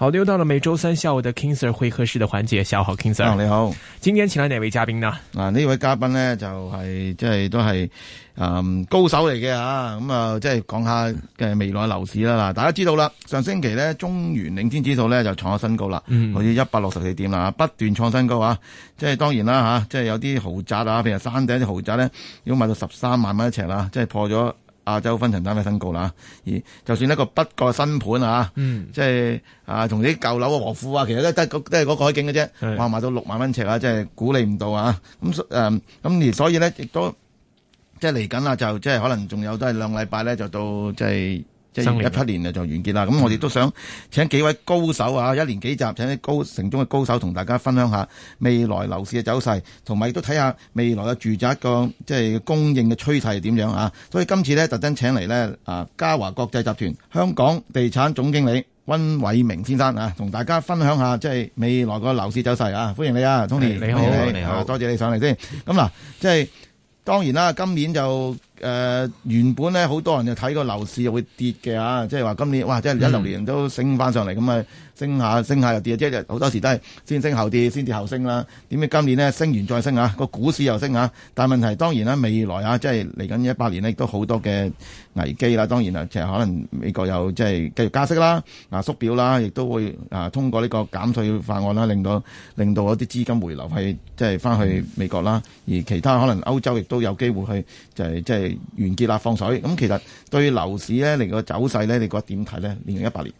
好，又到了每周三下午的 King Sir 會客室的環節，下午好 King Sir。你好，今天請來哪位嘉賓呢？嗱，呢位嘉賓呢、就是，就係即係都係誒、呃、高手嚟嘅啊，咁啊即係講下嘅未來嘅樓市啦。嗱，大家知道啦，上星期呢，中原領先指數呢就創咗新高啦，嗯、好似一百六十四點啦，不斷創新高啊。即係當然啦吓，即係有啲豪宅啊，譬如山頂啲豪宅呢，如果賣到十三萬蚊一尺啦，即係破咗。亞洲分層單位升高啦，而就算一個不過新盤啊，嗯、即係啊，同啲舊樓啊、和富啊，其實都得都係嗰個海景嘅啫，賣賣是 到六萬蚊尺啊，即係估你唔到啊，咁誒咁而所以咧，亦都即係嚟緊啦，就即係可能仲有都係兩禮拜咧，就到即係。即係一七年就就完結啦，咁我哋都想請幾位高手啊，一年幾集請，請啲高城中嘅高手同大家分享一下未來樓市嘅走勢，同埋亦都睇下未來嘅住宅個即係供應嘅趨勢係點樣啊！所以今次咧特登請嚟咧啊，嘉華國際集團香港地產總經理溫偉明先生啊，同大家分享一下即係未來個樓市走勢啊！歡迎你啊，Tony，你好，你你好，多謝你上嚟先。咁嗱， 即係當然啦，今年就。誒、呃、原本咧，好多人就睇個樓市會跌嘅啊，即係話今年哇，即係一六年都升翻上嚟咁啊，升下升下又跌，即係好多時都係先升後跌，先跌後升啦。點解今年呢，升完再升啊？個股市又升啊！但問問題當然啦、啊，未來啊，即係嚟緊一百年呢，亦都好多嘅危機啦。當然啦、啊、其實可能美國又即係繼續加息啦，啊縮表啦，亦都會啊通過呢個減稅法案啦、啊，令到令到一啲資金回流去，即係翻去美國啦。而其他可能歐洲亦都有機會去就係、即係。完結啦，放水咁，其實對樓市咧嚟個走勢咧，你覺得點睇咧？二零一八年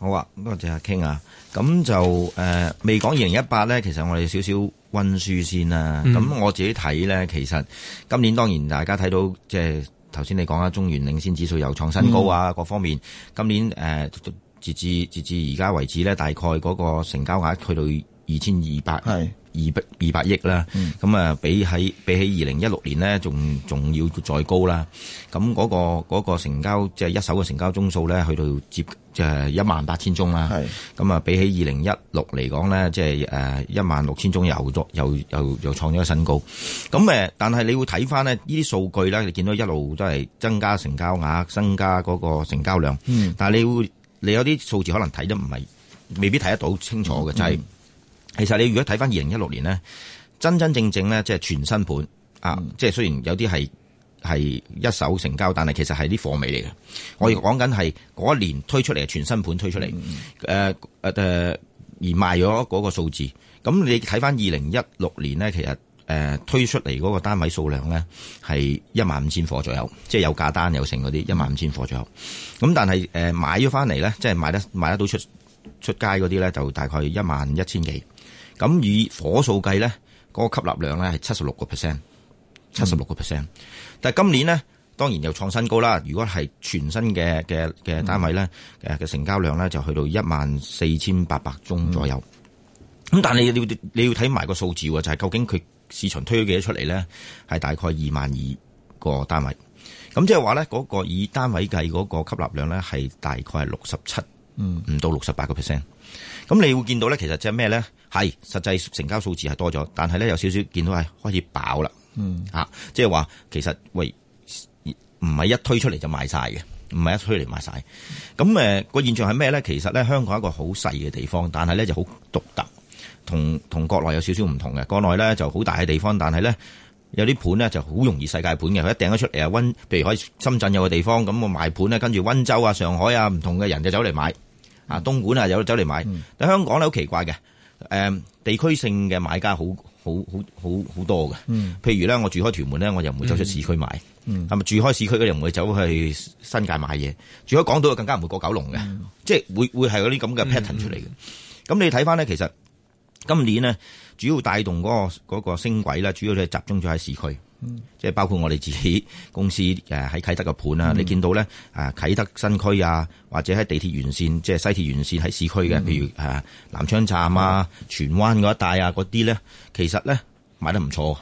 好啊，咁多謝阿 King 啊，咁就誒、呃、未講二零一八咧，其實我哋少少温書先啊。咁、嗯、我自己睇咧，其實今年當然大家睇到，即係頭先你講啦，中原領先指數又創新高啊，嗯、各方面。今年誒、呃，直至直至而家為止咧，大概嗰個成交額去到二千二百。二百二百億啦，咁啊，比喺比起二零一六年咧，仲仲要再高啦。咁嗰個嗰個成交即係一手嘅成交宗數咧，去到接即係一萬八千宗啦。咁啊是比起二零一六嚟講咧，即係誒一萬六千宗又又又又創咗新高。咁誒，但係你會睇翻咧，呢啲數據咧，你見到一路都係增加成交額，增加嗰個成交量。嗯、但係你會你有啲數字可能睇得唔係未必睇得到清楚嘅，嗯、就係。其實你如果睇翻二零一六年咧，真真正正咧，即係全新盤啊！嗯、即係雖然有啲係係一手成交，但係其實係啲貨尾嚟嘅。我亦講緊係嗰一年推出嚟嘅全新盤推出嚟，誒誒、嗯嗯、而賣咗嗰個數字。咁你睇翻二零一六年咧，其實誒推出嚟嗰個單位數量咧係一萬五千夥左右，即係有價單有剩嗰啲一萬五千夥左右。咁但係誒買咗翻嚟咧，即係買得買得到出出街嗰啲咧，就大概一萬一千幾。咁以火數計咧，嗰，嗰個吸納量咧係七十六個 percent，七十六個 percent。嗯、但係今年咧，當然又創新高啦。如果係全新嘅嘅嘅單位咧，誒嘅、嗯、成交量咧就去到一萬四千八百宗左右。咁，嗯、但係你你要睇埋個數字啊，就係，係，究竟佢市場推咗幾多出嚟咧，係大概二萬二個單位。咁即係話咧，嗰，嗰個以單位計嗰個吸納量咧係大概係六十七，唔、嗯、到六十八個 percent。咁你會見到咧，其實即係咩咧？係，實際成交數字係多咗，但係咧有少少見到係開始飽啦。嗯就是說，嚇，即係話其實喂，唔係一推出嚟就賣晒嘅，唔係一推嚟賣晒。咁誒個現象係咩咧？其實咧香港係一個好細嘅地方，但係咧就好獨特，同同國內有少少唔同嘅。國內咧就好大嘅地方，但係咧有啲盤咧就好容易世界盤嘅。佢一掟咗出嚟啊，溫譬如喺深圳有個地方咁，我賣盤咧跟住溫州啊、上海啊唔同嘅人就走嚟買啊，東莞啊又走嚟買。但香港咧好奇怪嘅。誒，地區性嘅買家好好好好好多嘅，譬如咧，我住開屯門咧，我又唔會走出市區買，係咪？嗯嗯，住開市區嘅人唔會走去新界買嘢，住開港島就更加唔會過九龍嘅，嗯、即係會會係嗰啲咁嘅 pattern 出嚟嘅。咁、嗯、你睇翻咧，其實今年咧，主要帶動嗰個嗰個升軌咧，主要係集中咗喺市區。嗯，即係包括我哋自己公司誒喺啟德嘅盤啊，嗯、你見到咧誒啟德新區啊，或者喺地鐵沿線，即係西鐵沿線喺市區嘅，譬如誒南昌站啊、荃灣嗰一帶啊嗰啲咧，其實咧賣得唔錯，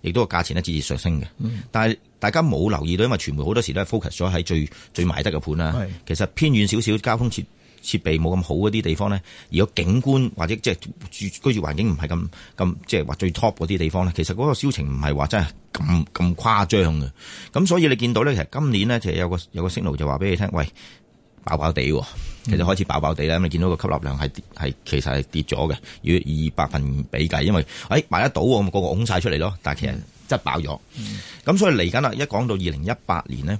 亦都個價錢咧節節上升嘅。嗯、但係大家冇留意到，因為傳媒好多時都係 focus 咗喺最最買得嘅盤啦。是其實偏遠少少交通設。設備冇咁好嗰啲地方咧，如果景觀或者即係住居住環境唔係咁咁即係話最 top 嗰啲地方咧，其實嗰個銷情唔係話真係咁咁誇張嘅。咁所以你見到咧，其實今年咧，其實有個有個 signal 就話俾你聽，喂，飽飽地喎，其實開始飽飽地啦。咁、嗯、你見到個吸納量係係其實係跌咗嘅，以二百分比計，因為誒、哎、買得到喎，咁、那個個空曬出嚟咯。但係其實真係飽咗。咁、嗯、所以嚟緊啦，一講到二零一八年呢，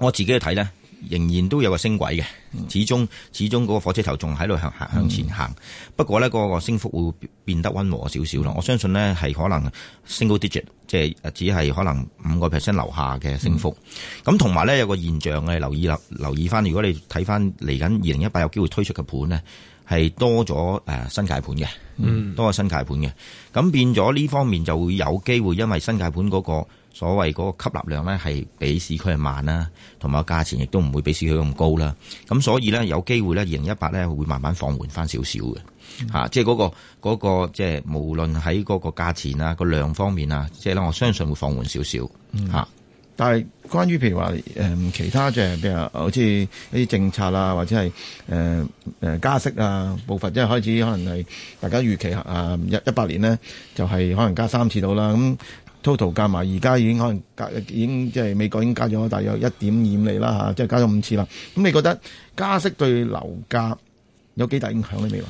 我自己去睇咧。仍然都有個升軌嘅，始終始終嗰個火車頭仲喺度向向前行。嗯、不過呢嗰、嗰個升幅會變得溫和少少咯。我相信呢係可能 single digit，即係只係可能五個 percent 樓下嘅升幅。咁同埋呢，有個現象嘅，留意留意翻。如果你睇翻嚟緊二零一八有機會推出嘅盤呢，係多咗誒新界盤嘅，嗯、多咗新界盤嘅。咁變咗呢方面就會有機會，因為新界盤嗰、嗰個。所謂嗰個吸納量咧係比市區係慢啦，同埋價錢亦都唔會比市區咁高啦。咁所以咧有機會咧，二零一八咧會慢慢放緩翻少少嘅即係嗰個嗰個即係無論喺嗰個價錢啊、個量方面啊，即係呢，我相信會放緩少少、嗯啊、但係關於譬如話、嗯、其他即係譬如好似一啲政策啦、啊，或者係誒、呃、加息啊步伐，即係開始，可能係大家預期啊一一八年呢就係、是、可能加三次到啦咁。嗯 Total 加埋而家已經可能加，已經即係美國已經加咗大約一點二五釐，啦嚇，即係加咗五次啦。咁你覺得加息對樓價有幾大影響咧？你未話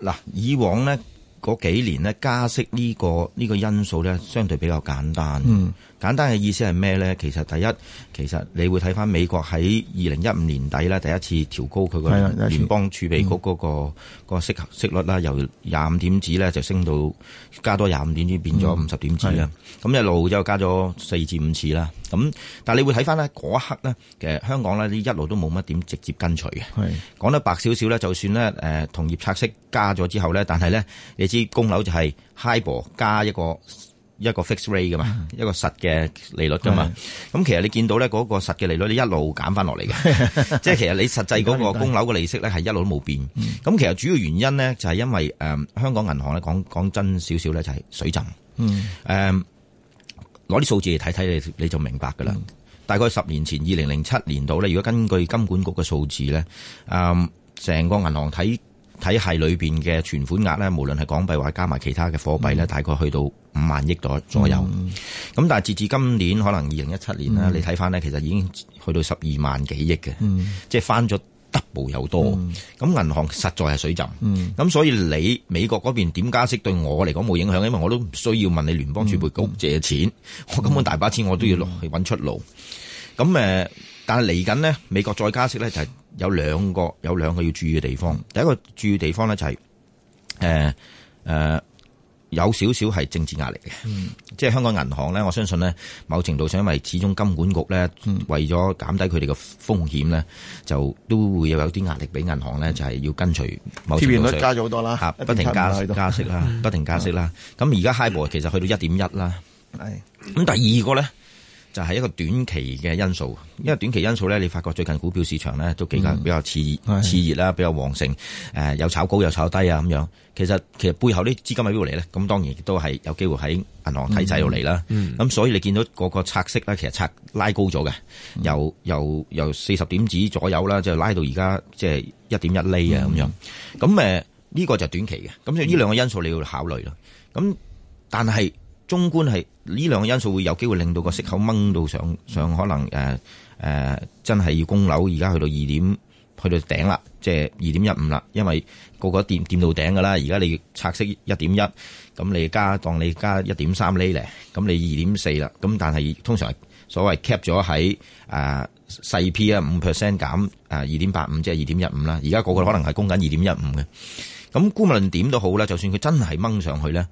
嗱，以往咧嗰幾年咧加息呢個呢個因素咧相對比較簡單。嗯簡單嘅意思係咩咧？其實第一，其實你會睇翻美國喺二零一五年底咧，第一次調高佢個聯邦儲備局嗰、嗰個息、嗯、息率啦，由廿五點子咧就升到加多廿五點，點子，變咗五十點子啦。咁一路又加咗四至五次啦。咁但係你會睇翻咧嗰一刻咧，其實香港咧一路都冇乜點直接跟隨嘅。講得白少少咧，就算咧誒同業拆息加咗之後咧，但係咧你知供樓就係 HIBOR 加一個。一個 fixed rate 嘅嘛，嗯、一個實嘅利率嘅嘛，咁、嗯、其實你見到咧嗰個實嘅利率，你一路減翻落嚟嘅，的即係其實你實際嗰個供樓嘅利息咧係一路都冇變。咁、嗯、其實主要原因咧就係因為誒、呃、香港銀行咧，講講真少少咧，就係水浸。誒、嗯，攞啲、呃、數字嚟睇睇，你你就明白㗎啦。大概十年前二零零七年度咧，如果根據金管局嘅數字咧，誒、呃、成個銀行睇。體系裏面嘅存款額咧，無論係港幣或加埋其他嘅貨幣咧，嗯、大概去到五萬億左右。咁、嗯、但係截至今年可能二零一七年啦、嗯、你睇翻咧，其實已經去到十二萬幾億嘅，嗯、即係翻咗 double 又多。咁、嗯、銀行實在係水浸。咁、嗯、所以你美國嗰邊點加息對我嚟講冇影響，因為我都唔需要問你聯邦儲備局借錢，嗯、我根本大把錢我都要落去揾出路。咁、嗯、但係嚟緊呢，美國再加息咧就係、是。有兩個有兩個要注意嘅地方，第一個注意的地方咧就係誒、誒有少少係政治壓力嘅，嗯、即係香港銀行咧，我相信咧，某程度上因為始終金管局咧、嗯、為咗減低佢哋嘅風險咧，就都會有有啲壓力俾銀行咧，就係、是、要跟隨。貼現率加咗好多啦，不停加不停加息啦、嗯，不停加息啦。咁而家 high 部其實去到一點一啦。係咁、哎，第二個咧。就係一個短期嘅因素，因為短期因素咧，你發覺最近股票市場咧都幾間比較熾熾熱啦，嗯、比較旺盛，誒、呃，又炒高又炒低啊咁樣。其實其實背後啲資金喺邊度嚟咧？咁當然都係有機會喺銀行體制度嚟啦。咁、嗯嗯、所以你見到那個個拆息咧，其實拆拉高咗嘅，由由由四十點子左右啦，就拉到而家即係一點一厘啊咁樣。咁誒呢個就係短期嘅，咁所以呢兩個因素你要考慮啦。咁、嗯、但係。中觀係呢兩個因素會有機會令到個息口掹到上上可能誒誒、呃呃、真係要供樓，而家去到二點，去到頂啦，即係二點一五啦。因為個個跌掂到頂㗎啦，而家你拆息一點一，咁你加當你加一點三厘咧，咁你二點四啦。咁但係通常係所謂 cap 咗喺誒細 P 啊五 percent 減誒二點八五，85, 即係二點一五啦。而家個個可能係供緊二點一五嘅。咁估唔論點都好啦，就算佢真係掹上去咧。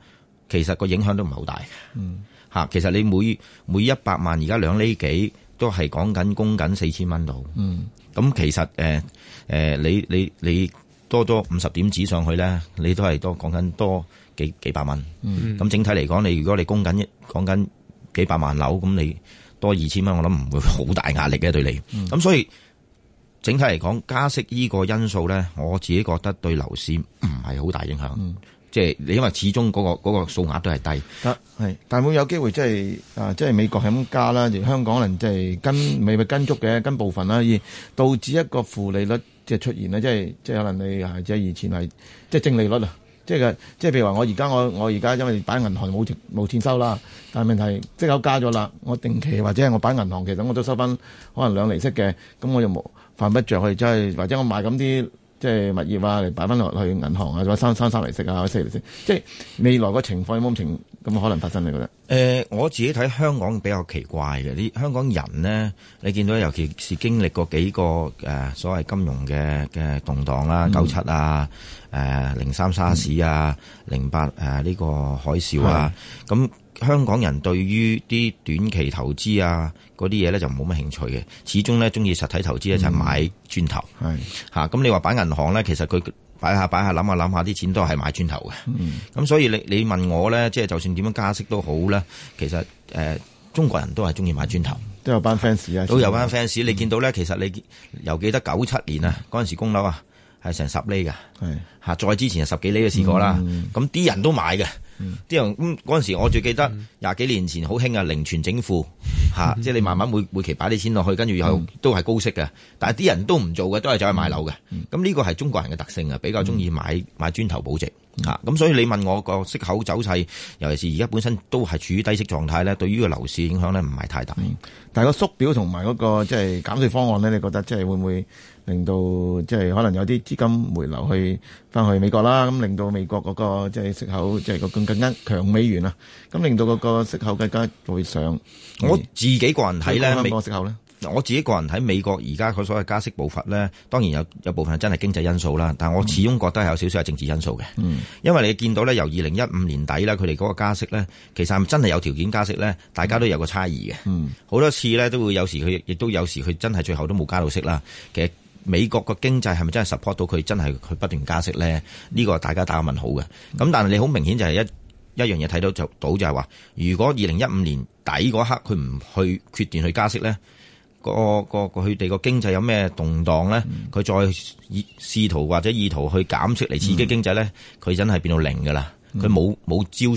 其實個影響都唔係好大，嗯，吓，其實你每每一百萬而家兩厘幾，都係講緊供緊四千蚊度，嗯，咁其實誒誒、呃，你你你，你多多五十點子上去咧，你都係多講緊多幾幾百蚊，嗯，咁整體嚟講，你如果你供緊講緊幾百萬樓，咁你多二千蚊，我諗唔會好大壓力嘅對你，咁、嗯、所以整體嚟講，加息呢個因素咧，我自己覺得對樓市唔係好大影響。嗯即係你因為始終嗰、那個嗰、那個數額都係低，得係、啊，但係會有機會即係啊，即係美國係咁加啦，而香港可能即係跟未必跟足嘅，跟部分啦，而導致一個負利率即係出現啦，即係即係可能你係即係以前係即係正利率啊，即係即係譬如話我而家我我而家因為擺銀行冇冇錢收啦，但係問題即刻加咗啦，我定期或者係我擺銀行其實我都收翻可能兩厘息嘅，咁我又冇犯不着去即係或者我買咁啲。即係物業啊，你擺翻落去銀行啊，再三三嚟食啊，四嚟食、啊。即係未來個情況有冇咁情咁可能發生你覺得？誒、呃，我自己睇香港比較奇怪嘅，啲香港人呢，你見到尤其是經歷過幾個誒、呃、所謂金融嘅嘅動蕩啦、啊，嗯、九七啊，誒零三沙士啊，嗯、零八誒呢、呃這個海嘯啊，咁的。香港人對於啲短期投資啊，嗰啲嘢咧就冇乜興趣嘅。始終咧，中意實體投資一齊買磚頭。咁、嗯啊、你話擺銀行咧，其實佢擺下擺下諗下諗下啲錢都係買磚頭嘅。嗯，咁、啊、所以你你問我咧，即係就算點樣加息都好呢。其實，誒，中國人都係中意買磚頭，都有班 fans 啊，都有班 fans。你見到咧，其實你又記得九七年啊嗰陣時供樓啊。係成十厘噶，吓是再之前十幾厘都試過啦。咁啲、嗯嗯、人都買嘅，啲人咁，嗰陣時我最記得廿幾年前好興啊零存整付，吓即係你慢慢每每期擺啲錢落去，跟住又都係高息嘅。但係啲人都唔做嘅，都係走去買樓嘅。咁呢、嗯、個係中國人嘅特性啊，比較中意買、嗯、買磚頭保值吓。咁、嗯、所以你問我個息口走勢，尤其是而家本身都係處於低息狀態咧，對於個樓市影響咧唔係太大。嗯、但係個縮表同埋嗰個即係減稅方案咧，你覺得即係會唔會？令到即係可能有啲資金回流去翻去美國啦，咁令到美國嗰個即係息口即係個更更加強美元啦，咁令到嗰個息口更加會上。我自己個人睇咧，息口咧，我自己個人睇美國而家佢所謂加息步伐咧，當然有有部分係真係經濟因素啦，但我始終覺得係有少少係政治因素嘅。嗯，因為你見到咧，由二零一五年底呢，佢哋嗰個加息咧，其實係咪真係有條件加息咧？大家都有個差異嘅。嗯，好多次咧都會有時佢亦都有時佢真係最後都冇加到息啦。其實美國個經濟係咪真係 support 到佢真係佢不斷加息咧？呢、呢個大家打個問號嘅。咁但係你好明顯就係一一樣嘢睇到就到就係話，如果二零一五年底嗰刻佢唔去決定去加息咧，嗰個、嗰個佢哋、嗰個經濟有咩動盪咧？佢、嗯、再試圖或者意圖去減息嚟刺激經濟咧，佢、嗯、真係變到零㗎啦！佢冇冇招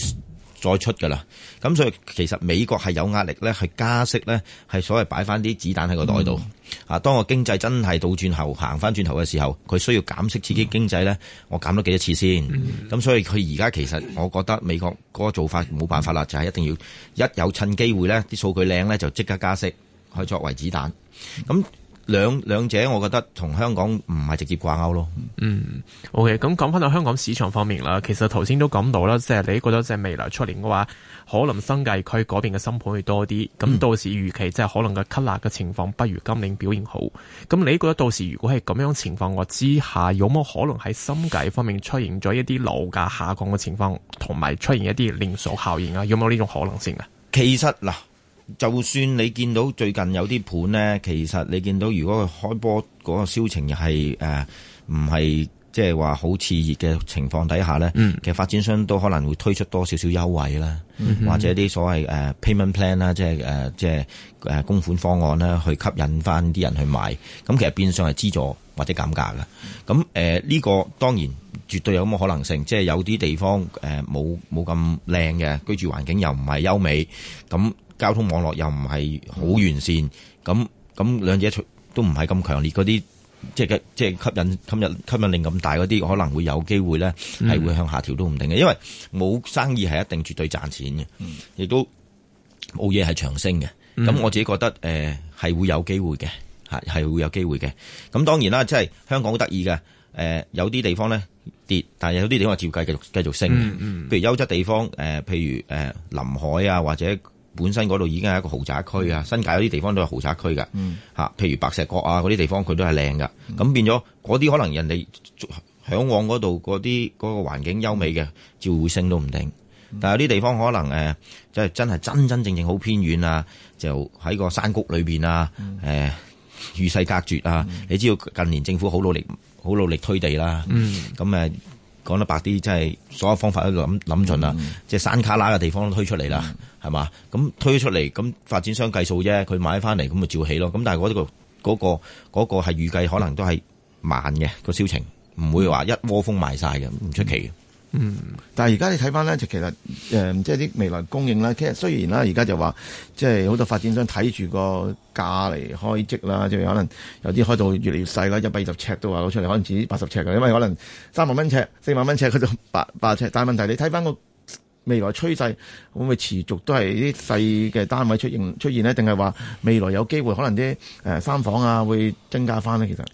再出噶啦，咁所以其實美國係有壓力咧，係加息咧，係所謂擺翻啲子彈喺個袋度。啊，當個經濟真係倒轉後行翻轉頭嘅時候，佢需要減息刺激經濟咧，我減咗幾多次先？咁所以佢而家其實我覺得美國嗰個做法冇辦法啦，就係、是、一定要一有趁機會咧，啲數據靚咧就即刻加息，去作為子彈。咁兩兩者，我覺得同香港唔係直接掛鈎咯嗯嗯。嗯，OK，咁講翻到香港市場方面啦，其實頭先都講到啦，即係你覺得即係未來出年嘅話，可能新界區嗰邊嘅新盤會多啲，咁到時預期即係、就是、可能嘅吸納嘅情況不如今年表現好。咁你覺得到時如果係咁樣情況我之下，有冇可能喺新界方面出現咗一啲樓價下降嘅情況，同埋出現一啲連鎖效應啊？有冇呢種可能性啊？其實嗱。就算你見到最近有啲盤呢，其實你見到如果佢開波嗰個銷情係誒唔係即係話好熾熱嘅情況底下呢，嗯、其實發展商都可能會推出多少少優惠啦，嗯、哼或者啲所謂、呃、payment plan 啦、呃，即係即係公款方案啦，去吸引翻啲人去買。咁其實變相係資助或者減價噶。咁誒呢個當然絕對有咁嘅可能性，即係有啲地方誒冇冇咁靚嘅居住環境又唔係優美咁。交通網絡又唔係好完善，咁咁兩者都唔係咁強烈。嗰啲即係即係吸引，吸引力咁大嗰啲，可能會有機會呢，係會向下調都唔定嘅。嗯、因為冇生意係一定絕對賺錢嘅，亦、嗯、都冇嘢係長升嘅。咁、嗯、我自己覺得誒係、呃、會有機會嘅嚇，係會有機會嘅。咁當然啦，即係香港好得意嘅誒，有啲地方呢跌，但係有啲地方照計繼續、繼續升。嗯、嗯、譬如優質地方誒、呃，譬如臨、呃、海啊或者。本身嗰度已經係一個豪宅區啊，新界有啲地方都係豪宅區㗎。嗯、譬如白石角啊嗰啲地方，佢都係靚㗎。咁變咗嗰啲可能人哋向往嗰度嗰啲嗰個環境優美嘅，照會升都唔定。嗯、但係有啲地方可能即係真係真真正正好偏遠啊，就喺個山谷裏面啊，誒與、嗯欸、世隔絕啊，嗯、你知道近年政府好努力，好努力推地啦，咁、嗯講得白啲，真係所有方法都諗諗盡啦，即係、嗯、山卡拉嘅地方都推出嚟啦，係嘛？咁推出嚟咁發展商計數啫，佢買翻嚟咁咪照起咯。咁但係、嗰、嗰個嗰、嗰個嗰、嗰個係預計可能都係慢嘅個銷情，唔會話一窩蜂賣曬嘅，唔出奇嘅。嗯嗯，但係而家你睇翻咧，就其實誒、呃，即係啲未來供應咧。其實雖然啦，而家就話即係好多發展商睇住個價嚟開則啦，即係可能有啲開到越嚟越細啦，一百二十尺都話攞出嚟，可能只有八十尺嘅，因為可能三萬蚊尺、四萬蚊尺，佢就百八十尺。但係問題你睇翻個未來趨勢，會唔會持續都係啲細嘅單位出現出現咧？定係話未來有機會可能啲誒、呃、三房啊會增加翻呢？其實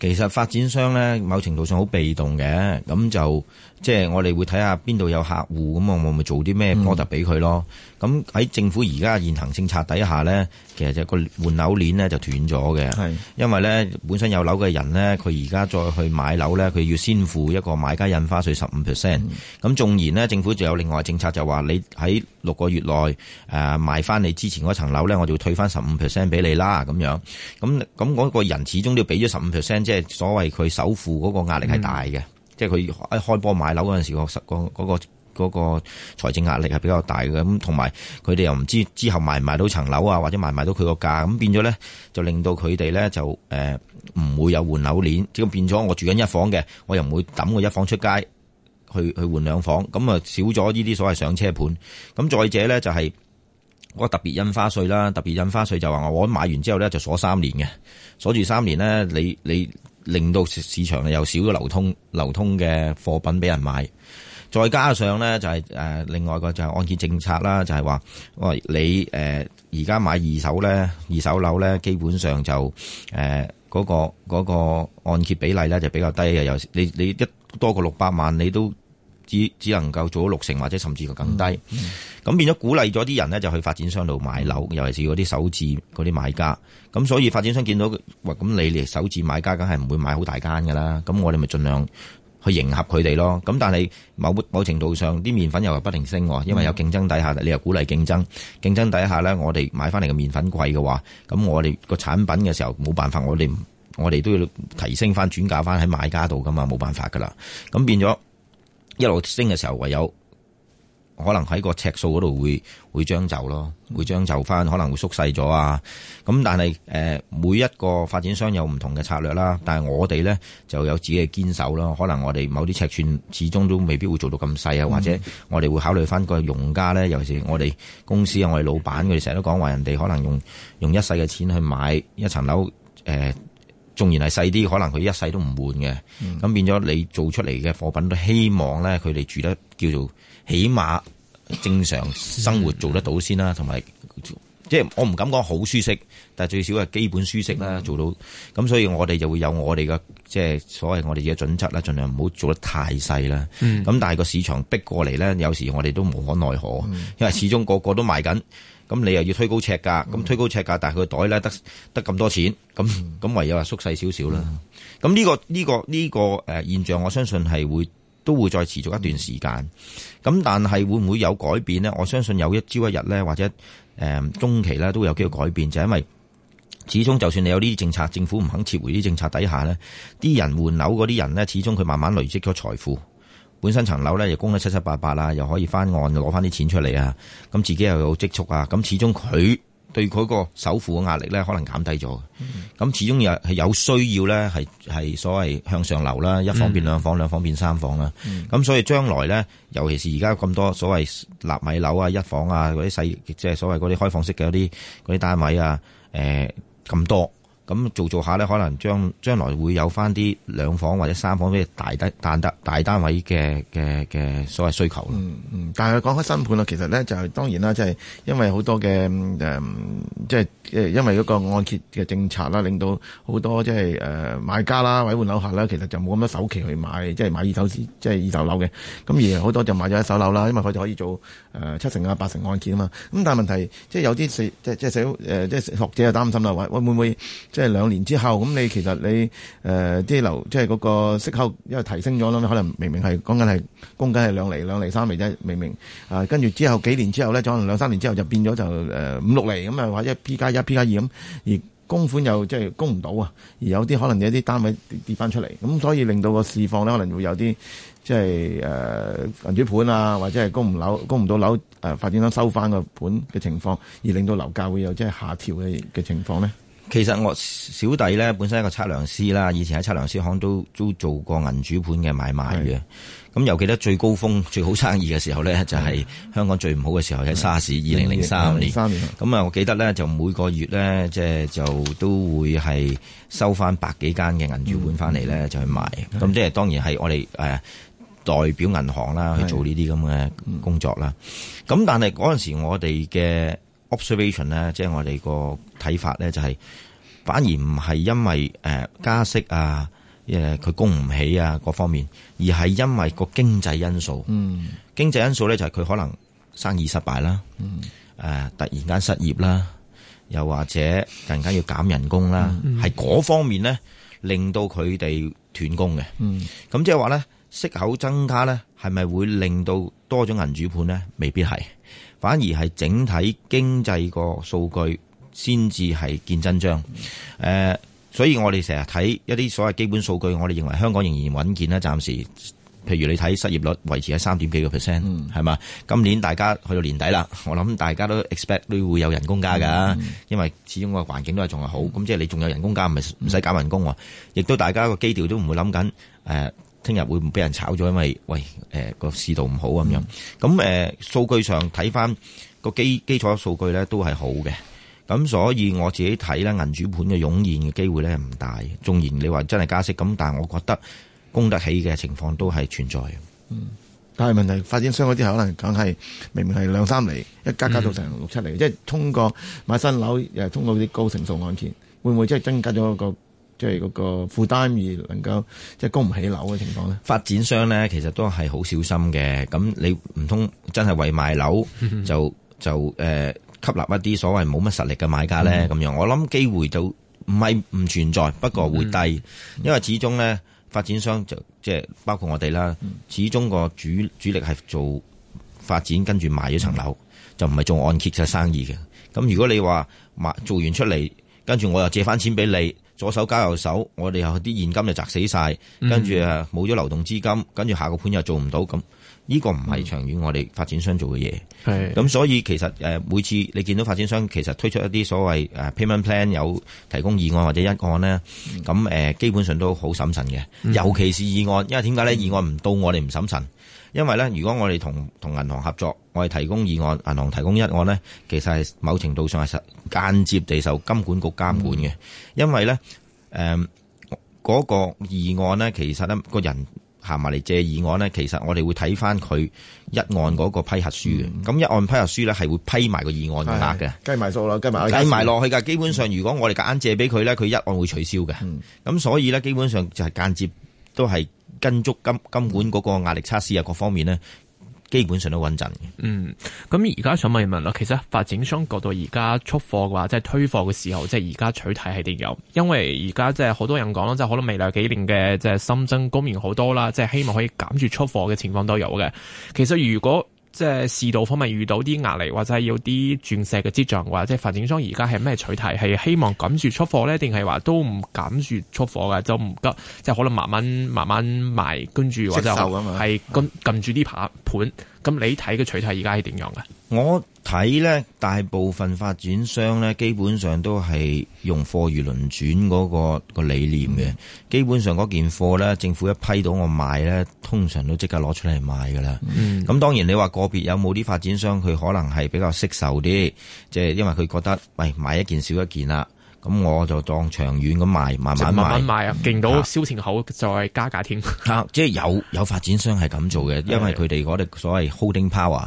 其實發展商咧某程度上好被動嘅，咁就。即係我哋會睇下邊度有客戶，咁我唔咪做啲咩 product 俾佢咯。咁喺政府而家現行政策底下呢，其實就個換樓鏈呢就斷咗嘅。因為呢本身有樓嘅人呢，佢而家再去買樓呢，佢要先付一個買家印花稅十五 percent。咁縱、嗯、然呢，政府就有另外政策就話你喺六個月內、啊、賣返你之前嗰層樓呢，我就要退翻十五 percent 俾你啦。咁樣咁咁嗰個人始終都要俾咗十五 percent，即係所謂佢首付嗰個壓力係大嘅。嗯即係佢一開波買樓嗰陣時，確實、嗰個、嗰個財政壓力係比較大嘅。咁同埋佢哋又唔知之後賣唔賣到層樓啊，或者賣唔賣到佢個價咁，變咗咧就令到佢哋咧就呃、唔會有換樓鏈。咁變咗我住緊一房嘅，我又唔會抌我一房出街去去，去換兩房。咁啊少咗呢啲所謂上車盤。咁再者咧就係嗰個特別印花稅啦，特別印花稅就話我買完之後咧就鎖三年嘅，鎖住三年咧你你。你令到市場又少咗流通流通嘅貨品俾人買，再加上呢，就係誒另外個就係按揭政策啦，就係話喂你誒而家買二手呢，二手樓呢，基本上就誒嗰個嗰個按揭比例呢，就比較低啊，有時你你一多過六百萬你都。只只能夠做到六成或者甚至係更低，咁、嗯嗯、變咗鼓勵咗啲人呢，就去發展商度買樓，尤其是嗰啲首置嗰啲買家，咁所以發展商見到，哇！咁你嚟首置買家，梗係唔會買好大間噶啦，咁我哋咪盡量去迎合佢哋咯。咁但係某某程度上，啲麵粉又不停升喎，因為有競爭底下，你又鼓勵競爭，競爭底下呢，我哋買翻嚟嘅麵粉貴嘅話，咁我哋個產品嘅時候冇辦法，我哋我哋都要提升翻轉價翻喺買家度噶嘛，冇辦法噶啦，咁變咗。一路升嘅時候，唯有可能喺個尺數嗰度會，會將就咯，會將就翻，可能會縮細咗啊。咁但係，呃，每一個發展商有唔同嘅策略啦。但係我哋呢，就有自己嘅堅守咯。可能我哋某啲尺寸始終都未必會做到咁細啊，或者我哋會考慮翻個用家呢。尤其是我哋公司啊，我哋老闆佢哋成日都講話，人哋可能用用一世嘅錢去買一層樓，呃縱然係細啲，可能佢一世都唔換嘅，咁、嗯、變咗你做出嚟嘅貨品都希望咧，佢哋住得叫做起碼正常生活做得到先啦，同埋的。即係我唔敢講好舒適，但係最少係基本舒適啦，嗯、做到咁，所以我哋就會有我哋嘅即係所謂我哋嘅準則啦，盡量唔好做得太細啦。咁、嗯、但係個市場逼過嚟咧，有時我哋都無可奈何，嗯、因為始終個個都賣緊，咁、嗯、你又要推高尺價，咁、嗯、推高尺價，但係佢袋咧得得咁多錢，咁咁、嗯、唯有話縮細少少啦。咁呢、嗯呢個呢、呢個呢、呢個現象，我相信係會都會再持續一段時間。咁、嗯、但係會唔會有改變咧？我相信有一朝一日咧，或者。誒中期咧都有機會改變，就係因為始終就算你有呢啲政策，政府唔肯撤回啲政策底下咧，啲人換樓嗰啲人咧，始終佢慢慢累積咗財富，本身層樓咧又供得七七八八啦，又可以翻案攞翻啲錢出嚟啊，咁自己又有積蓄啊，咁始終佢。對佢個首付嘅壓力咧，可能減低咗。咁始終又係有需要咧，係係所謂向上流啦，一房變兩房，兩、嗯、房變三房啦。咁、嗯、所以將來咧，尤其是而家咁多所謂納米樓啊、一房啊嗰啲細，即係所謂嗰啲開放式嘅嗰啲啲單位啊，咁、呃、多。咁做做下咧，可能將將來會有翻啲兩房或者三房啲大單、大單、大單位嘅嘅嘅所謂需求。嗯嗯，但係講開新盤啦，其實咧就係當然啦，即係因為好多嘅誒，即係因為嗰個按揭嘅政策啦，令到好多即係誒買家啦、換樓客啦，其實就冇咁多首期去買，即係買二手，即係二手樓嘅。咁而好多就買咗一手樓啦，因為佢就可以做。誒七成啊八成案件啊嘛，咁但係問題即係有啲社即係即係社即係學者又擔心啦，話會唔會即係兩年之後咁？你其實你、呃、即啲樓即係嗰個息口因為提升咗啦，可能明明係講緊係供緊係兩厘、兩厘、三釐啫，明明啊跟住之後幾年之後咧，可能兩三年之後就變咗就誒、呃、五六厘咁啊，或者 P 加一 P 加二咁，2, 而供款又即係供唔到啊，而有啲可能有啲單位跌翻出嚟，咁所以令到個市況咧可能會有啲。即係誒、呃、銀主盤啊，或者係供唔樓、供唔到樓誒、呃、發展商收翻個盤嘅情況，而令到樓價會有即係下調嘅嘅情況呢？其實我小弟呢本身係一個測量師啦，以前喺測量師行都都做過銀主盤嘅買賣嘅。咁的尤其得最高峰、最好生意嘅時候呢，就係、是、香港最唔好嘅時候喺沙士二零零三年。三年。咁啊，我記得呢，就每個月呢，即係就都會係收翻百幾間嘅銀主盤翻嚟呢，嗯、就去賣。咁的即係當然係我哋誒。呃代表銀行啦，去做呢啲咁嘅工作啦。咁、嗯、但係嗰陣時，我哋嘅 observation 咧，即係我哋個睇法咧，就係反而唔係因為誒加息啊，誒、啊、佢供唔起啊，各方面，而係因為個經濟因素。嗯，經濟因素咧就係佢可能生意失敗啦，誒、嗯啊、突然間失業啦，又或者突然間要減人工啦，係嗰方面咧令到佢哋斷供嘅。嗯，咁即係話咧。息口增加咧，係咪會令到多咗銀主盤咧？未必係，反而係整體經濟個數據先至係見真章。誒、嗯，所以我哋成日睇一啲所謂基本數據，我哋認為香港仍然穩健啦。暫時，譬如你睇失業率維持喺三點幾個 percent，係嘛？今年大家去到年底啦，我諗大家都 expect 都會有人工加噶，嗯、因為始終個環境都係仲係好。咁即係你仲有人工加，唔係唔使搞人工、啊。亦都大家個基調都唔會諗緊誒。呃聽日會唔會俾人炒咗，因為喂，誒個市道唔好咁樣。咁誒，誒，誒，誒，誒，誒，數據上睇翻個基基礎數據咧都係好嘅。咁所以我自己睇咧，銀主盤嘅湧現嘅機會咧唔大。縱然你話真係加息，咁但係我覺得供得起嘅情況都係存在嘅。嗯，但係問題發展商嗰啲可能梗係明明係兩三厘，一家加到成六七厘，嗯、即係通過買新樓又通過啲高成數按揭，會唔會即係增加咗一、那個？即係嗰個負擔而能夠即係供唔起樓嘅情況咧，發展商咧其實都係好小心嘅。咁你唔通真係為賣樓就就誒、呃、吸納一啲所謂冇乜實力嘅買家咧？咁、嗯、樣我諗機會就唔係唔存在，不過會低，嗯、因為始終咧發展商就即係包括我哋啦，始終個主主力係做發展，跟住賣咗層樓、嗯、就唔係做按揭嘅生意嘅。咁如果你話賣做完出嚟，跟住我又借翻錢俾你。左手交右手，我哋又啲現金就砸死晒，跟住冇咗流動資金，跟住下個盤又做唔到，咁呢個唔係長遠我哋發展商做嘅嘢。係是，咁所以其實每次你見到發展商其實推出一啲所謂 payment plan 有提供議案或者一案咧，咁基本上都好審慎嘅，尤其是議案，因為點解咧？議案唔到我哋唔審慎。因為咧，如果我哋同同銀行合作，我哋提供二按，銀行提供一按咧，其實係某程度上係實間接地受金管局監管嘅。嗯、因為咧，誒、嗯，嗰、那個二按咧，其實咧個人行埋嚟借二按咧，其實我哋會睇翻佢一按嗰個批核書嘅。咁、嗯、一按批核書咧係會批埋個二按嘅額嘅，計埋數啦，計埋計埋落去噶。基本上，如果我哋夾硬借俾佢咧，佢一按會取消嘅。咁、嗯、所以咧，基本上就係間接。都係跟足金金管嗰個壓力測試啊，各方面呢基本上都穩陣。嗯，咁而家想問一問啦，其實發展商角度而家出貨嘅話，即係推貨嘅時候，即係而家取態係點樣？因為而家即係好多人講啦，即係可能未來幾年嘅即係新增供應好多啦，即係希望可以減住出貨嘅情況都有嘅。其實如果即係市道方面遇到啲壓力，或者係有啲鑽石嘅跡象，或者係發展商而家係咩取態？係希望緊住出貨咧，定係話都唔緊住出貨嘅，就唔急，即係可能慢慢慢慢賣，跟住或者係跟撳住啲盤。咁你睇嘅取態而家係點樣嘅？我睇呢大部分發展商呢，基本上都係用貨如輪轉嗰個理念嘅。基本上嗰件貨呢，政府一批到我賣呢，通常都即刻攞出嚟賣噶啦。咁當然你話個別有冇啲發展商佢可能係比較惜售啲，即係因為佢覺得喂，買一件少一件啦。咁我就當長遠咁賣，慢慢賣，慢，慢賣啊！勁到燒錢口，再加價添。即係、嗯、有 有，有發展商係咁做嘅，因為佢哋嗰啲所謂 holding power，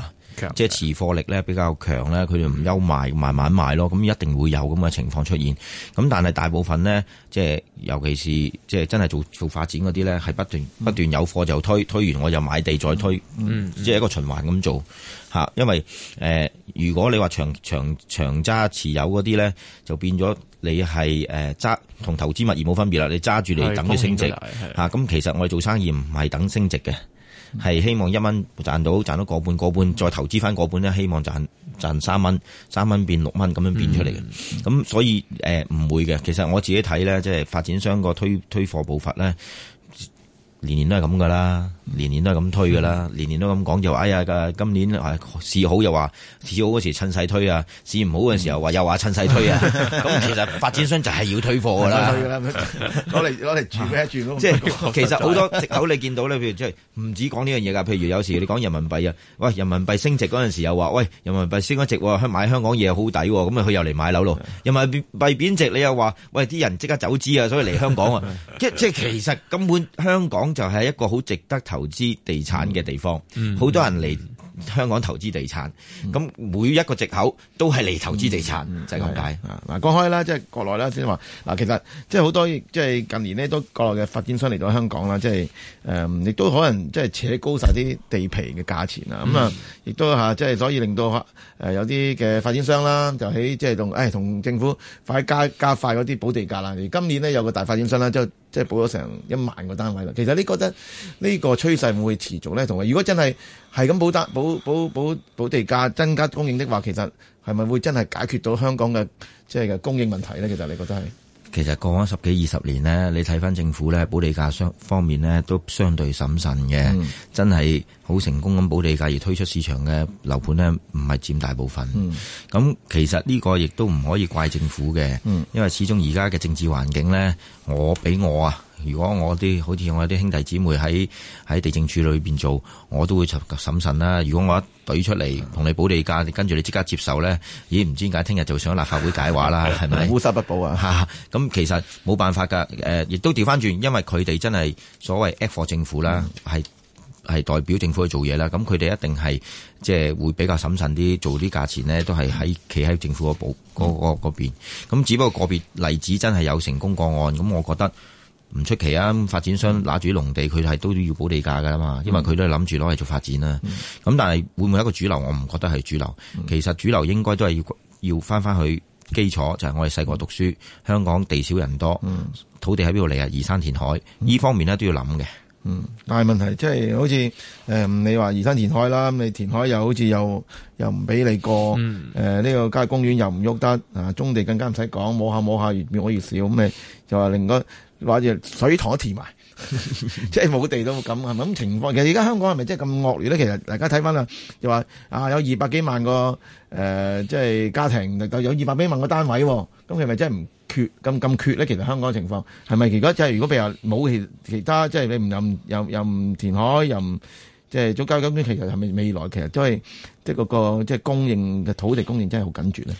即係的持貨力咧比較強咧，佢哋唔憂賣，慢慢賣咯。咁一定會有咁嘅情況出現。咁但係大部分咧，即係尤其是即係真係做做發展嗰啲咧，係不斷、嗯、不斷有貨就推，推完我又買地再推，即係、嗯嗯、一個循環咁做。因為誒，如果你話長長長揸持有嗰啲咧，就變咗你係誒揸同投資物業冇分別啦，你揸住嚟等佢升值。嚇，咁其實我哋做生意唔係等升值嘅，係希望一蚊賺到賺到個半個半，再投資翻個半咧，希望賺賺三蚊，三蚊變六蚊咁樣變出嚟嘅。咁、嗯嗯、所以誒唔會嘅，其實我自己睇咧，即係發展商個推推貨步伐咧。年年都係咁噶啦，年年都係咁推噶啦，年年都咁講就話，哎呀，噶今年係市好又話市好嗰時趁勢推啊，市唔好嘅時候又話又話趁勢推啊。咁、嗯嗯、其實發展商就係要推貨噶啦，攞嚟攞嚟轉一轉咯。即係其實好多藉口你見到咧，譬如即係唔止講呢樣嘢噶，譬如有時你講人民幣啊，喂，人民幣升值嗰陣時又話，喂，人民幣升咗值，香買香港嘢好抵，咁咪佢又嚟買樓咯。人民幣貶值你又話，喂，啲人即刻走資啊，所以嚟香港啊。即即係其實根本香港。就係一個好值得投資地產嘅地方，好、嗯、多人嚟香港投資地產，咁、嗯、每一個藉口都係嚟投資地產，嗯、就係咁解啊！嗱的，講開啦，即、就、係、是、國內啦，先話嗱，其實即係好多，即、就、係、是、近年呢，都國內嘅發展商嚟到香港啦，即係誒，亦、呃、都可能即係扯高晒啲地皮嘅價錢啦，咁啊、嗯，亦都吓，即係所以令到誒有啲嘅發展商啦，就喺即係同誒同政府快加加快嗰啲補地價啦。而今年呢，有個大發展商啦，就即係補咗成一萬個單位啦，其實你覺得呢個趨勢會唔會持續咧？同埋如果真係係咁補單補補補補，補，補地價增加供應的話，其實係咪會真係解決到香港嘅即係嘅供應問題咧？其實你覺得係？其實過咗十幾二十年呢，你睇翻政府呢，保地價相方面呢，都相對審慎嘅。嗯、真係好成功咁保地價而推出市場嘅樓盤呢，唔係佔大部分。咁、嗯、其實呢個亦都唔可以怪政府嘅，嗯、因為始終而家嘅政治環境呢，我俾我啊。如果我啲好似我啲兄弟姊妹喺喺地政處裏邊做，我都會及審慎啦。如果我一懟出嚟同你補地價，你跟住你即刻接受咧，咦，唔知點解聽日就上立法會解話啦，係咪烏紗不保啊？咁 其實冇辦法噶。誒，亦都調翻轉，因為佢哋真係所謂 act for 政府啦，係，係代表政府去做嘢啦。咁佢哋一定係即係會比較審慎啲做啲價錢呢，都係喺企喺政府個保嗰個邊。咁、嗯、只不過個別例子真係有成功個案，咁我覺得。唔出奇啊！發展商拿住啲農地，佢係、嗯、都要補地價㗎嘛，因為佢都係諗住攞嚟做發展啦。咁、嗯、但係會唔會一個主流？我唔覺得係主流。嗯、其實主流應該都係要要翻翻去基礎，就係、是、我哋細個讀書。香港地少人多，嗯、土地喺邊度嚟啊？移山填海，呢、嗯、方面咧都要諗嘅。嗯，但係問題即係、就是、好似你話移山填海啦，咁你填海好又好似又又唔俾你過，呢、嗯、個街公園又唔喐得啊！中地更加唔使講，冇下冇下越變我越，越，越少，咁你就係令到。話住水塘都填埋，即係冇地都咁，係咪咁情況？其實而家香港係咪真係咁惡劣咧？其實大家睇翻啦，又話啊有二百幾萬個誒，即、呃、係、就是、家庭，又夠有二百幾萬個單位，咁係咪真係唔缺咁咁缺咧？其實香港嘅情況係咪？如果即係如果譬如冇其其他，即係你唔任又又唔填海，又唔即係增加公屋，其實係咪未來其實都係即係嗰個即係、就是、供應嘅土地供應真係好緊絀咧？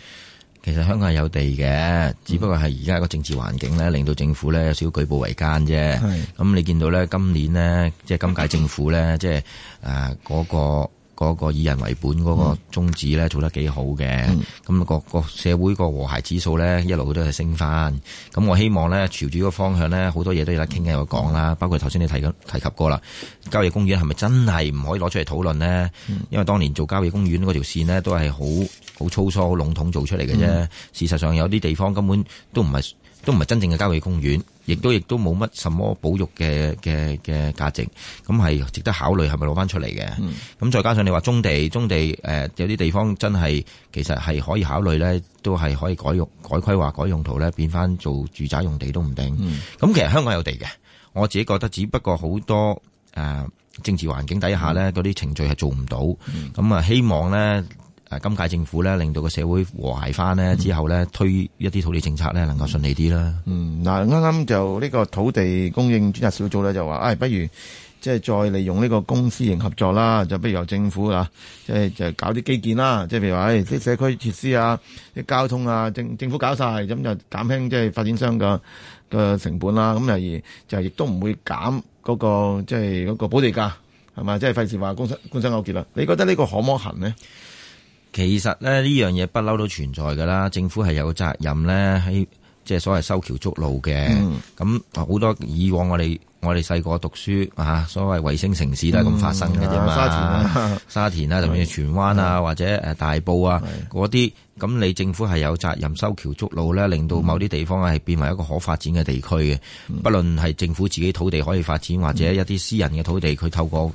其實香港係有地嘅，只不過係而家個政治環境咧，令到政府咧有少舉步維艱啫。咁是你見到咧，今年咧，即係今屆政府咧，即係誒嗰個。個個以人為本嗰個宗旨咧做得幾好嘅，咁個、嗯、個社會個和諧指數咧一路都係升翻。咁、嗯、我希望咧朝住個方向咧，好多嘢都有得傾，偈、嗯。我講啦。包括頭先你提緊提及過啦，郊野公園係咪真係唔可以攞出嚟討論呢？嗯、因為當年做郊野公園嗰條線咧都係好好粗糙、好籠統做出嚟嘅啫。嗯、事實上有啲地方根本都唔係都唔係真正嘅郊野公園。亦都亦都冇乜什麼保育嘅嘅嘅價值，咁係值得考慮係咪攞翻出嚟嘅？咁、嗯、再加上你話中地，中地誒有啲地方真係其實係可以考慮咧，都係可以改用改規劃改用途咧，變翻做住宅用地都唔定。咁、嗯、其實香港有地嘅，我自己覺得只不過好多誒政治環境底下咧，嗰啲程序係做唔到。咁啊、嗯，希望咧。今屆政府咧，令到個社會和諧翻咧之後咧，推一啲土地政策咧，能夠順利啲啦。嗯，嗱、嗯，啱啱就呢個土地供應專責小組咧就話，誒、哎，不如即係、就是、再利用呢個公私營合作啦，就不如由政府吓，即係就是就是、搞啲基建啦，即、就、係、是、譬如話，誒、哎、啲社區設施啊、啲交通啊，政政府搞晒，咁就減輕即係發展商嘅嘅成本啦。咁而就亦都唔會減嗰，那個即係嗰個保地價係嘛，即係費事話公私公私勾結啦。你覺得呢個可唔可行呢？其實咧呢樣嘢不嬲都存在噶啦，政府係有責任呢，喺即係所謂修橋築路嘅。咁好、嗯、多以往我哋我哋細個讀書，所謂衛星城市都係咁發生嘅啫。沙田，沙田啊，甚至荃灣啊，或者大埔啊嗰啲，咁是你政府係有責任修橋築路呢，令到某啲地方係變為一個可發展嘅地區嘅。嗯、不論係政府自己土地可以發展，嗯、或者一啲私人嘅土地，佢透過。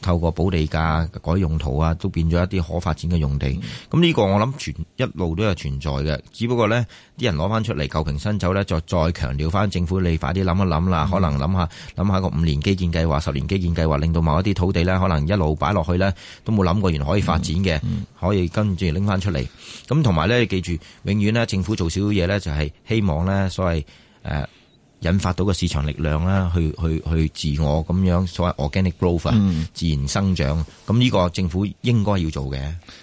透過補地價改用途啊，都變咗一啲可發展嘅用地。咁呢、嗯、個我諗全一路都有存在嘅，只不過呢啲人攞翻出嚟舊瓶新酒，呢再再強調翻政府你快啲諗一諗啦，嗯、可能諗下諗下個五年基建計劃、十年基建計劃，令到某一啲土地呢可能一路擺落去呢都冇諗過，原來可以發展嘅，嗯嗯、可以跟住拎翻出嚟。咁同埋呢，記住永遠呢政府做少少嘢呢，就係、是、希望呢所謂、呃引發到個市場力量啦，去去去自我咁樣，所謂 organic growth，、嗯、自然生長。咁、這、呢個政府應該要做嘅、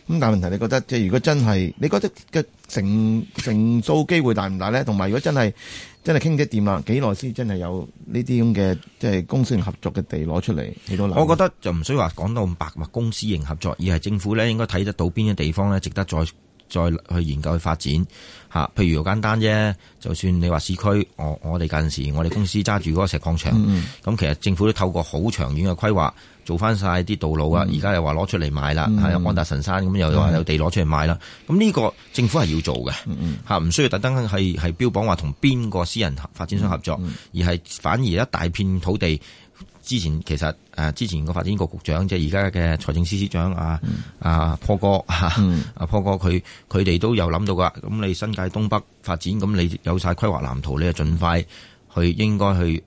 嗯。咁但係問題，你覺得即係如果真係，你覺得嘅成成數機會大唔大咧？同埋如果真係真係傾得掂啦，幾耐先真係有呢啲咁嘅即係公私合作嘅地攞出嚟？你都，我覺得就唔需要話講到咁白，話公私型合作，而係政府咧應該睇得到邊啲地方咧值得再。再去研究去發展嚇，譬如好簡單啫。就算你話市區，我我哋近時我哋公司揸住嗰個石礦場，咁、嗯嗯、其實政府都透過好長遠嘅規劃做翻曬啲道路啊。而家、嗯、又話攞出嚟賣啦，係安達神山咁又話有地攞出嚟賣啦。咁、這、呢個政府係要做嘅，嚇唔需要特登係係標榜話同邊個私人發展商合作，而係反而一大片土地。之前其實誒、啊，之前個發展局局長即係而家嘅財政司司長啊啊，波哥嚇啊，波哥佢佢哋都有諗到㗎。咁你新界東北發展，咁你有晒規劃藍圖，你就盡快去應該去誒、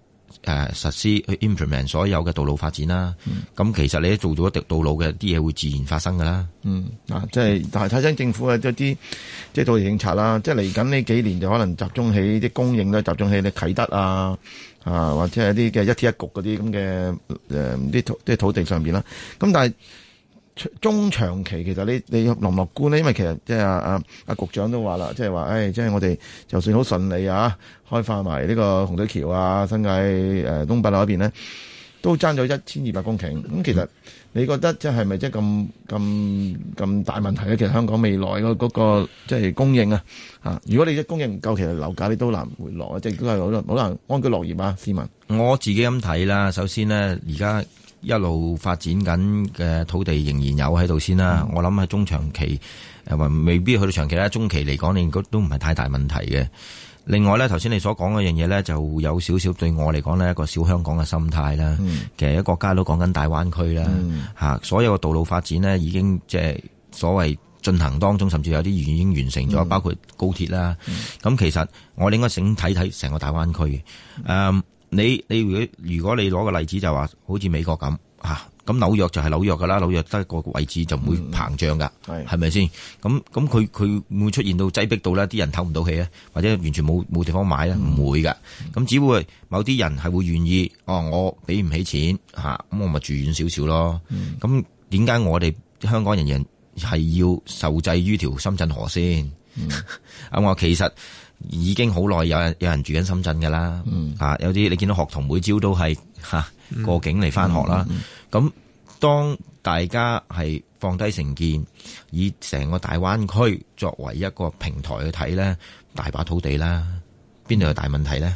啊、實施去 implement 所有嘅道路發展啦。咁、嗯、其實你都做咗一條道路嘅啲嘢，會自然發生㗎啦。嗯，嗱、啊，即、就、係、是、但係睇真政府嘅一啲即係道路政策啦，即係嚟緊呢幾年就可能集中起啲、就是、供應啦，集中起你啟德啊。啊，或者係啲嘅一地一,一局嗰啲咁嘅誒，啲土土地上邊啦。咁但係中長期，其實你你樂唔樂觀呢？因為其實即係阿阿局長都話啦，即係話，誒、哎，即、就、係、是、我哋就算好順利啊，開發埋呢個洪水橋啊、新界誒、啊、東北部嗰邊呢，都爭咗一千二百公頃。咁、嗯、其實。你覺得即係咪即係咁咁咁大問題咧？其實香港未來個嗰個即係供應啊、啊！如果你一供應唔夠，其實樓價你都難回落啊，即係都係好難好難安居樂業啊，市民。我自己咁睇啦，首先呢，而家一路發展緊嘅土地仍然有喺度先啦。嗯、我諗喺中長期誒，未必去到長期啦，中期嚟講，你都都唔係太大問題嘅。另外呢，頭先你所講嗰樣嘢呢，就有少少對我嚟講呢一個小香港嘅心態啦。嗯、其實一個國家都講緊大灣區啦，嗯、所有嘅道路發展呢已經即係所謂進行當中，甚至有啲已經完成咗，嗯、包括高鐵啦。咁、嗯、其實我哋應該看看醒睇睇成個大灣區。嗯、你你如果如果你攞個例子就話，好似美國咁咁紐約就係紐約噶啦，紐約得個位置就唔會膨脹噶，係咪先？咁咁佢佢會出現到擠逼到咧，啲人唞唔到氣啊，或者完全冇冇地方買咧，唔會噶。咁、嗯、只會某啲人係會願意，哦，我俾唔起錢嚇，咁、啊、我咪住遠少少咯。咁點解我哋香港人人係要受制於條深圳河先？咁我、嗯、 其實已經好耐有人有人住緊深圳噶啦、嗯啊，有啲你見到學童每朝都係嚇、啊、過境嚟翻學啦。嗯嗯嗯嗯。咁當大家係放低成見，以成個大灣區作為一個平台去睇呢，大把土地啦，邊度有大問題呢？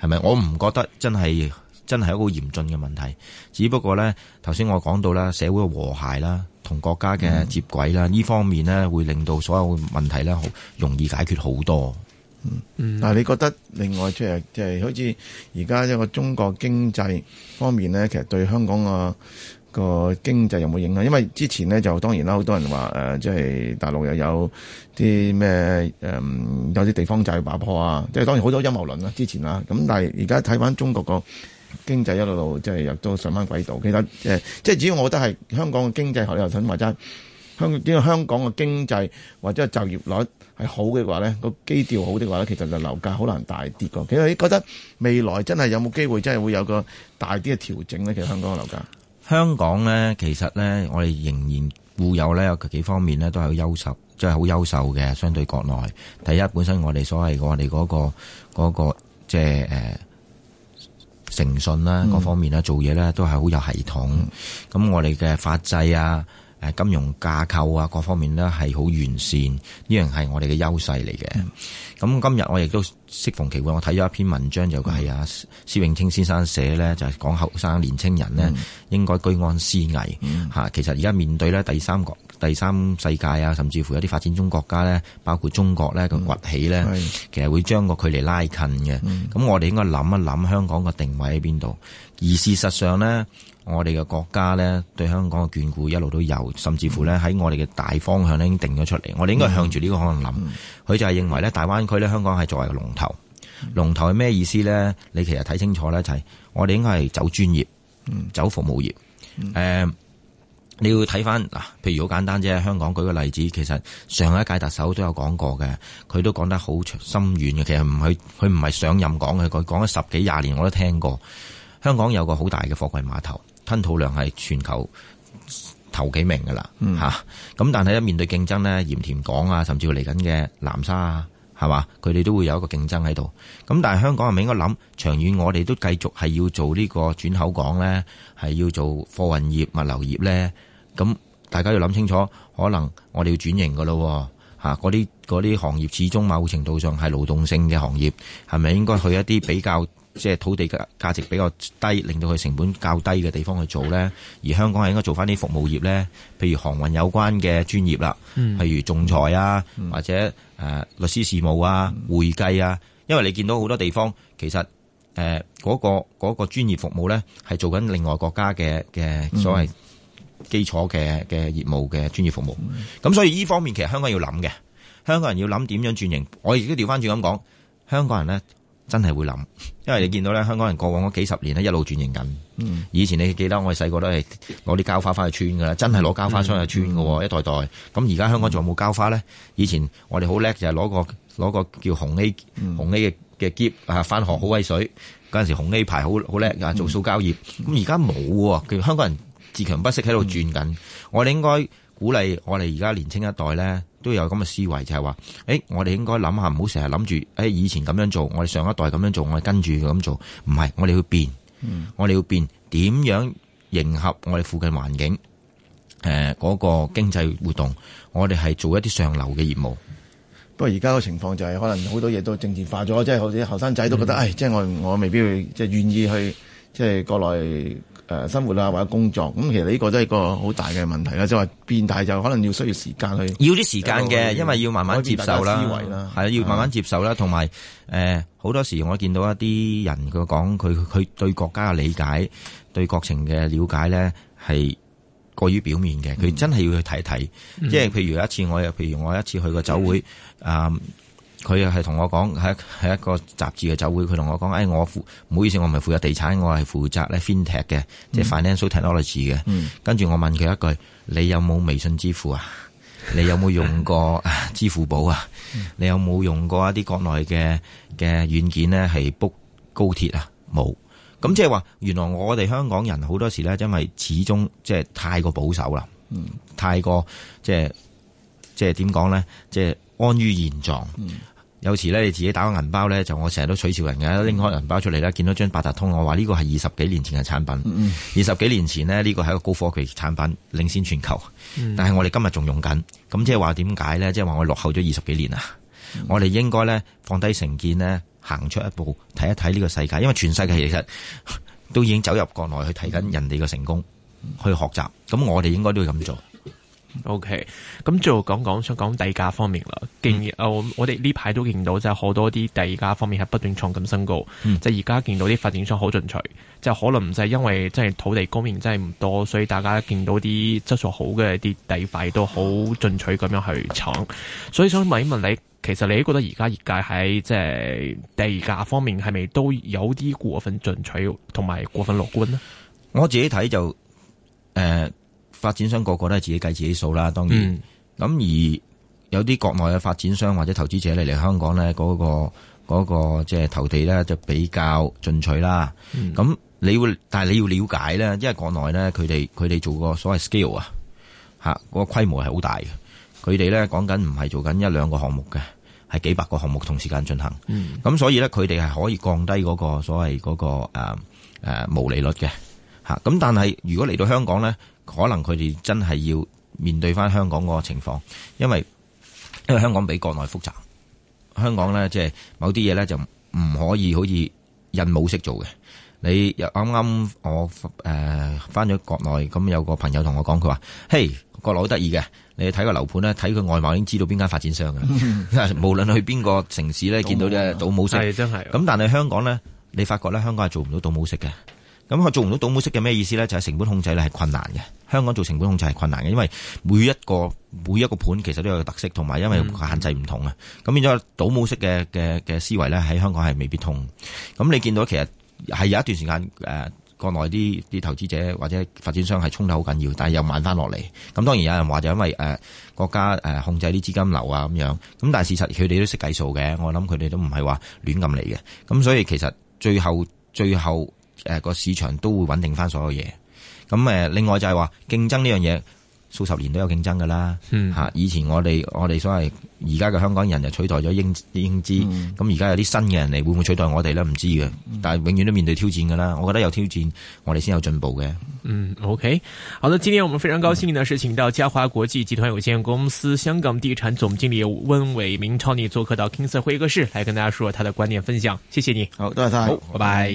係咪？我唔覺得真係真係一個嚴峻嘅問題。只不過呢，頭先我講到啦，社會嘅和諧啦，同國家嘅接軌啦，呢、嗯、方面呢，會令到所有問題呢，好容易解決好多。嗯，但係，你覺得另外即係即係好似而家一個中國經濟方面咧，其實對香港個、啊這個經濟有冇影響？因為之前咧就當然啦，好多人話誒，即、呃、係、就是、大陸又有啲咩誒，有啲地方債要爆破啊，即、就、係、是、當然好多陰謀論啦、啊，之前啦、啊。咁但係而家睇翻中國個經濟一路路、就是，即係又都上翻軌道。其實即係即係只要，我覺得係香港嘅經濟係有等或者。香點解香港嘅經濟或者係就業率係好嘅話咧，個基調好嘅話咧，其實就樓價好難大跌嘅。其實你覺得未來真係有冇機會真係會有個大啲嘅調整咧？其實香港嘅樓價，香港咧其實咧，我哋仍然固有咧有幾方面咧都係好優秀，即係好優秀嘅，相對國內。第一，本身我哋所謂的我哋嗰、嗰個即係誒誠信啦，各方面啦，嗯、做嘢咧都係好有系統。咁我哋嘅法制啊。金融架構啊，各方面呢係好完善，呢樣係我哋嘅優勢嚟嘅。咁、嗯、今日我亦都適逢其會，我睇咗一篇文章，嗯、就係啊，施永青先生寫呢，就係講後生年青人呢應該居安思危。吓、嗯，其實而家面對呢第三國、第三世界啊，甚至乎有啲發展中國家呢，包括中國呢個崛起呢，嗯、其實會將個距離拉近嘅。咁、嗯、我哋應該諗一諗香港個定位喺邊度？而事實上呢。我哋嘅國家呢，對香港嘅眷顧一路都有，甚至乎呢，喺我哋嘅大方向已經定咗出嚟。我哋應該向住呢個可能諗。佢就係認為呢，大灣區呢，香港係作為個龍頭，龍頭係咩意思呢？你其實睇清楚呢就係、是、我哋應該係走專業，走服務業。嗯呃、你要睇翻嗱，譬如好簡單啫，香港舉個例子，其實上一屆特首都有講過嘅，佢都講得好深遠嘅。其實唔係佢唔係上任講嘅，佢講咗十幾廿年我都聽過。香港有個好大嘅貨櫃碼頭。吞吐量係全球頭幾名噶啦，吓，咁但係一面對競爭呢，鹽田港啊，甚至乎嚟緊嘅南沙啊，係嘛？佢哋都會有一個競爭喺度。咁但係香港係咪應該諗長遠？我哋都繼續係要做呢個轉口港呢？係要做貨運業、物流業呢？咁大家要諗清楚，可能我哋要轉型噶咯，喎。嗰啲嗰啲行業始終某程度上係勞動性嘅行業，係咪應該去一啲比較？即係土地嘅價值比較低，令到佢成本較低嘅地方去做呢。而香港係應該做翻啲服務業呢，譬如航運有關嘅專業啦，嗯、譬如仲裁啊，嗯、或者、呃、律師事務啊、嗯、會計啊。因為你見到好多地方其實誒嗰、呃嗰個嗰、嗰個專業服務呢係做緊另外國家嘅嘅所謂基礎嘅嘅業務嘅專業服務。咁、嗯、所以呢方面其實香港要諗嘅，香港人要諗點樣轉型。我亦都調翻轉咁講，香港人呢。真係會諗，因為你見到咧，香港人過往嗰幾十年咧一路轉型緊。嗯、以前你記得我哋細個都係攞啲膠花翻去穿噶啦，真係攞膠花返去穿喎。嗯、一代代。咁而家香港仲有冇膠花咧？嗯、以前我哋好叻就係攞個攞個叫紅 A、嗯、紅 A 嘅嘅喼啊，翻學好威水。嗰陣、嗯、時紅 A 牌好好叻啊，做塑膠業。咁而家冇啊，佢香港人自強不息喺度轉緊。嗯、我哋應該鼓勵我哋而家年青一代咧，都有咁嘅思維，就係話，誒，我哋應該諗下，唔好成日諗住，誒，以前咁樣做，我哋上一代咁樣做，我哋跟住咁做，唔係，我哋要變，嗯，我哋要變點樣迎合我哋附近環境，誒，嗰個經濟活動，我哋係做一啲上流嘅業務。不過而家嘅情況就係，可能好多嘢都政治化咗，即係好似後生仔都覺得，嗯，唉，即係我我未必會即係願意去，即係過來。誒、呃，生活啦或者工作，咁、嗯、其實呢個都係個好大嘅問題啦，即係話變大就可能要需要時間去，要啲時間嘅，因為要慢慢接受啦，係、啊、要慢慢接受啦，同埋誒，好、呃、多時我見到一啲人佢講佢佢對國家嘅理解、對國情嘅了解咧係過於表面嘅。佢、嗯、真係要去睇睇，嗯、即係譬如有一次我又譬如我一次去個酒會啊。嗯嗯佢又係同我講，喺喺一個雜誌嘅酒會，佢同我講：，誒、哎，我唔好意思，我唔係負責地產，我係負責咧 fintech 嘅，即係、mm. financial technology 嘅。Mm. 跟住我問佢一句：，你有冇微信支付啊？你有冇用過支付寶啊？ 你有冇用過一啲國內嘅嘅軟件咧？係 book 高鐵啊？冇。咁即係話，原來我哋香港人好多時咧，因為始終即係太過保守啦，mm. 太過即係即係點講咧，即係、就是、安於現狀。Mm. 有時咧，你自己打個銀包咧，就我成日都取笑人嘅，拎開銀包出嚟啦。見到張八達通，我話呢個係二十幾年前嘅產品，嗯、二十幾年前呢，呢個係一個高科技產品，領先全球。但係我哋今日仲用緊，咁即係話點解呢？即係話我落後咗二十幾年啊！嗯、我哋應該呢，放低成見呢，行出一步，睇一睇呢個世界，因為全世界其實都已經走入國內去睇緊人哋嘅成功，去學習。咁我哋應該都會咁做。O K，咁最後講講，想講地價方面啦，嗯哦。我我哋呢排都見到，即係好多啲地價方面係不斷創緊新高。嗯，即係而家見到啲發展商好進取，即係可能唔係因為即係土地供應真係唔多，所以大家見到啲質素好嘅啲地塊都好進取咁樣去搶。所以想問一問你，其實你覺得而家業界喺即係地價方面係咪都有啲過分進取，同埋過分樂觀呢？我自己睇就誒。呃發展商個個都係自己計自己數啦。當然咁、嗯、而有啲國內嘅發展商或者投資者嚟嚟香港呢，嗰、那個嗰即係投地呢，就比較進取啦。咁你會但係你要了解呢，因為國內呢，佢哋佢哋做個所謂 scale 啊，嗰個規模係好大嘅。佢哋呢講緊唔係做緊一兩個項目嘅，係幾百個項目同時間進行。咁、嗯、所以呢，佢哋係可以降低嗰個所謂嗰、那個誒誒毛利率嘅咁、啊、但係如果嚟到香港呢。可能佢哋真係要面對翻香港個情況，因為因為香港比國內複雜。香港咧，即係某啲嘢咧就唔可以好似印模式做嘅。你又啱啱我誒翻咗國內，咁有個朋友同我講，佢話：嘿，國內好得意嘅，你去睇個樓盤咧，睇佢外貌已經知道邊間發展商㗎喇。無論去邊個城市咧，見到啲倒模式，係，真係。咁但係香港咧，你發覺咧，香港係做唔到倒模式嘅。咁佢做唔到倒模式嘅咩意思呢？就係成本控制呢係困難嘅。香港做成本控制係困難嘅，因為每一個每一個盤其實都有特色，同埋因為限制唔同啊。咁變咗倒模式嘅嘅嘅思維呢，喺香港係未必通。咁你見到其實係有一段時間誒，國內啲啲投資者或者發展商係衝得好緊要，但係又慢翻落嚟。咁當然有人話就因為誒國家誒控制啲資金流啊咁樣。咁但係事實佢哋都識計數嘅，我諗佢哋都唔係話亂咁嚟嘅。咁所以其實最後最後。誒，個市場都會穩定翻所有嘢。咁誒，另外就係話競爭呢樣嘢，數十年都有競爭噶啦。吓、嗯，以前我哋我哋所謂而家嘅香港人就取代咗英英資，咁而家有啲新嘅人嚟會唔會取代我哋咧？唔知嘅，但係永遠都面對挑戰噶啦。我覺得有挑戰，我哋先有進步嘅。嗯，OK，好啦，今天我們非常高興呢，是請到嘉華國際集團有限公司、嗯、香港地產總經理溫偉明 Tony 做客到 King Sir 會客室，嚟跟大家說他的觀念分享。謝謝你，好，多謝晒，拜拜。